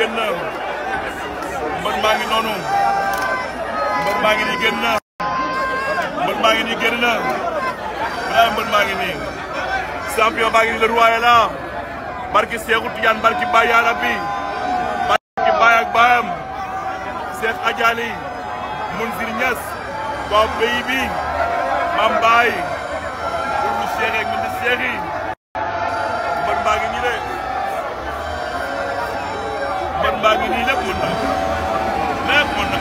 génn mbër maa ngi noonu mbër maa ngi nii génn mbër maa ngi nii génn balaa mbër maa ngi nii champion baa ngi nii le roi est là barki Seexu Baay yaa Rabbi barki Baay ak Seex Ajaali Munzir Ñas waa pays bi Mame Baye pour mu seexee bagi baa ngi nii lépp mën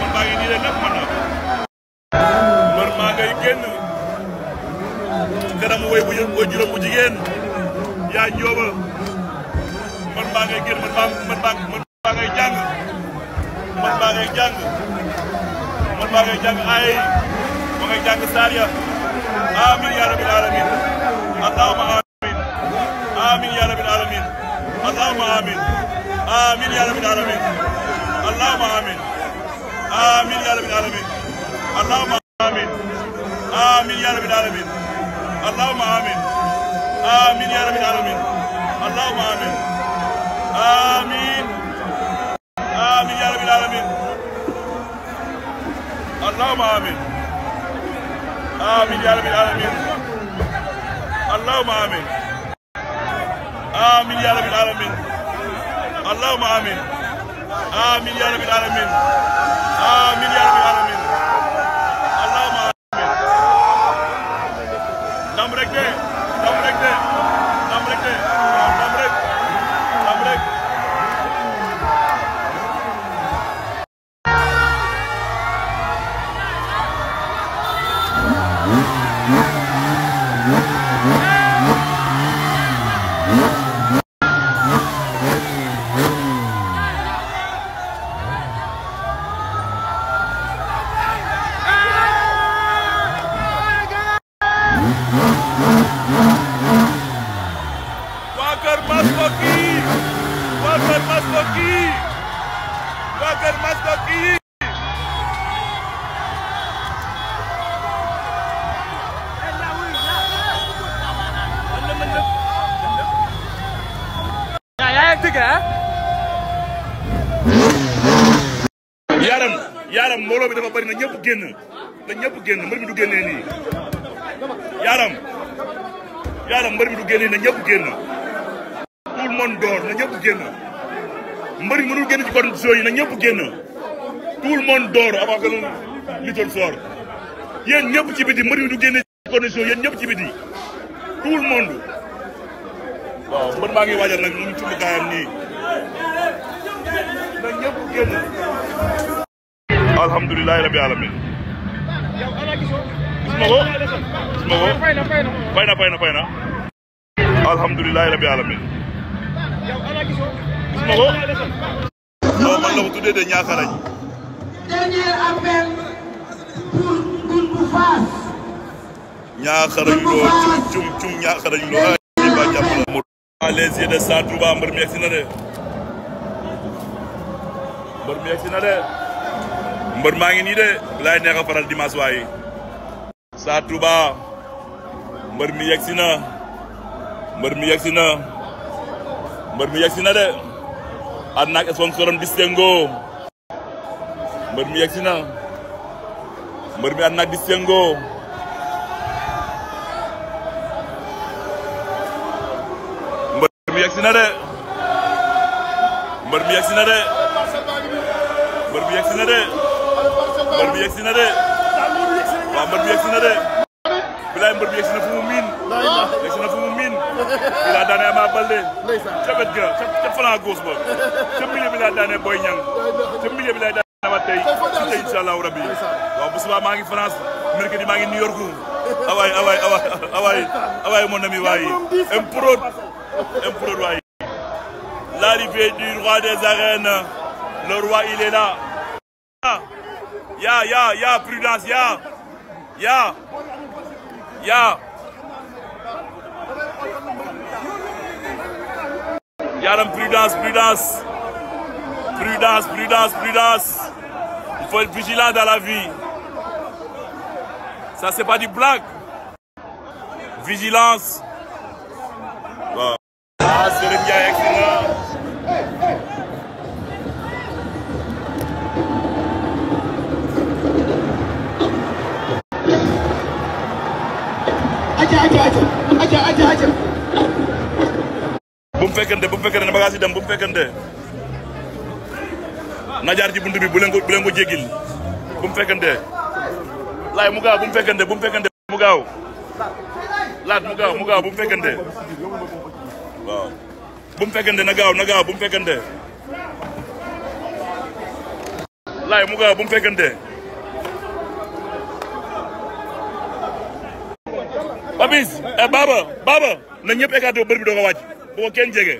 man baa ngi nii lépp man maa ngay génn kanam woy bu yëpp woy juróom bu jigéen yaa njóoba man maa ngay génn man man man ngay man ngay man ngay ay ngay amin ya rabbil alamin allahumma amin amin ya rabbil alamin allahumma amin آمين يا رب العالمين اللهم آمين آمين يا رب العالمين اللهم آمين آمين يا رب العالمين اللهم آمين آمين يا رب العالمين اللهم آمين آمين آمين يا رب العالمين اللهم آمين آمين يا رب العالمين اللهم آمين آمين يا رب العالمين Allahumma amin. Amin ya rabbil alamin. Amin ya rabbil kii waa kër Masdo kii yaram ah? yaram mbooloo bi dafa bari na ñëpp génn na ñëpp génn mbër mi du génnee nii yaram yaram mbër mi du génnee na ñëpp génn tout le monde na ñëpp génn mbëri mënul génn ci conditions yi na ñëpp génn tout le monde dort avant que Little sort yéen ñëpp ci biti mbëri du génn ci conditions yéen ñëpp ci biti tout le monde waaw maa ngi waajal nag ñu cumb kaayam nii na ñëpp génn alhamdulilahi rabbi alamin gis ma ko gis ma ko fay rabbi alamin ma ko. non man la ko tuddee de Niakharañ. bu Fass. Niakharañ loo cum cum cum Niakharañ loo. ah les de Sa Touba mbër mi yegsi de. mbër mi yegsi maa ngi nii de laay neex a faral dimanche waaye. Sa Touba mbër mu yegsi mbër mi yegsi na. mbër mi yegsi na de. ànd naag sponsor am mbër mi yegg na mbër mi ànd naag distingo mbër mi yegg na de mbër mi yegg na de mbër mi yegg si na de mbër mi yegg na de waaw mbër mbër mi yegg na fu mu bi laa daanee Ama Baldé ca wet ga ca flancos ba ca milieu bi laa daanee Boy Niang ca milieu bi laa daanee Ama tey tey incha allahu rabi waaw bu subaa maa ngi France mercredi maa ngi New York awaay awaay awaay awaay mon ami waay improd improd waay l'arrivée du roi des arènes le roi il est là ya ya ya prudence ya ya ya une prudence, prudence. Prudence, prudence, prudence. Il faut être vigilant dans la vie. Ça, c'est pas du blague. Vigilance. Ah, c'est le bien excellent. fekkee ne bagage yi dem bu fekkente na jaar ci buntu bi bu leen ko bu leen ko jéggil bu mu fekkente gaaw bu mu fekkente bu mu fekkente mu gaaw laat mu gaaw mu gaaw bu mu fekkente waaw bu mu fekkente na gaaw na gaaw bu mu fekkente laay mu gaaw bu mu fekkente Papis eh Baba Baba na ñëpp écarté bër bi doo ko wàcc bu jege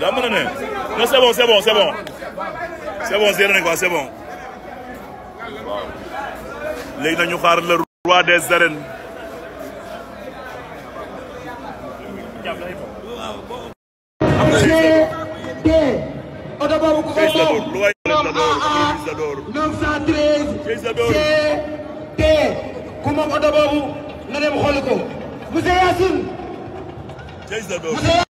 daa mën a ne non c'est bon c'est bon c'est bon c'est bon géré nañ nañu des ku moom oto boobu na dem xool ko monsieur Yacine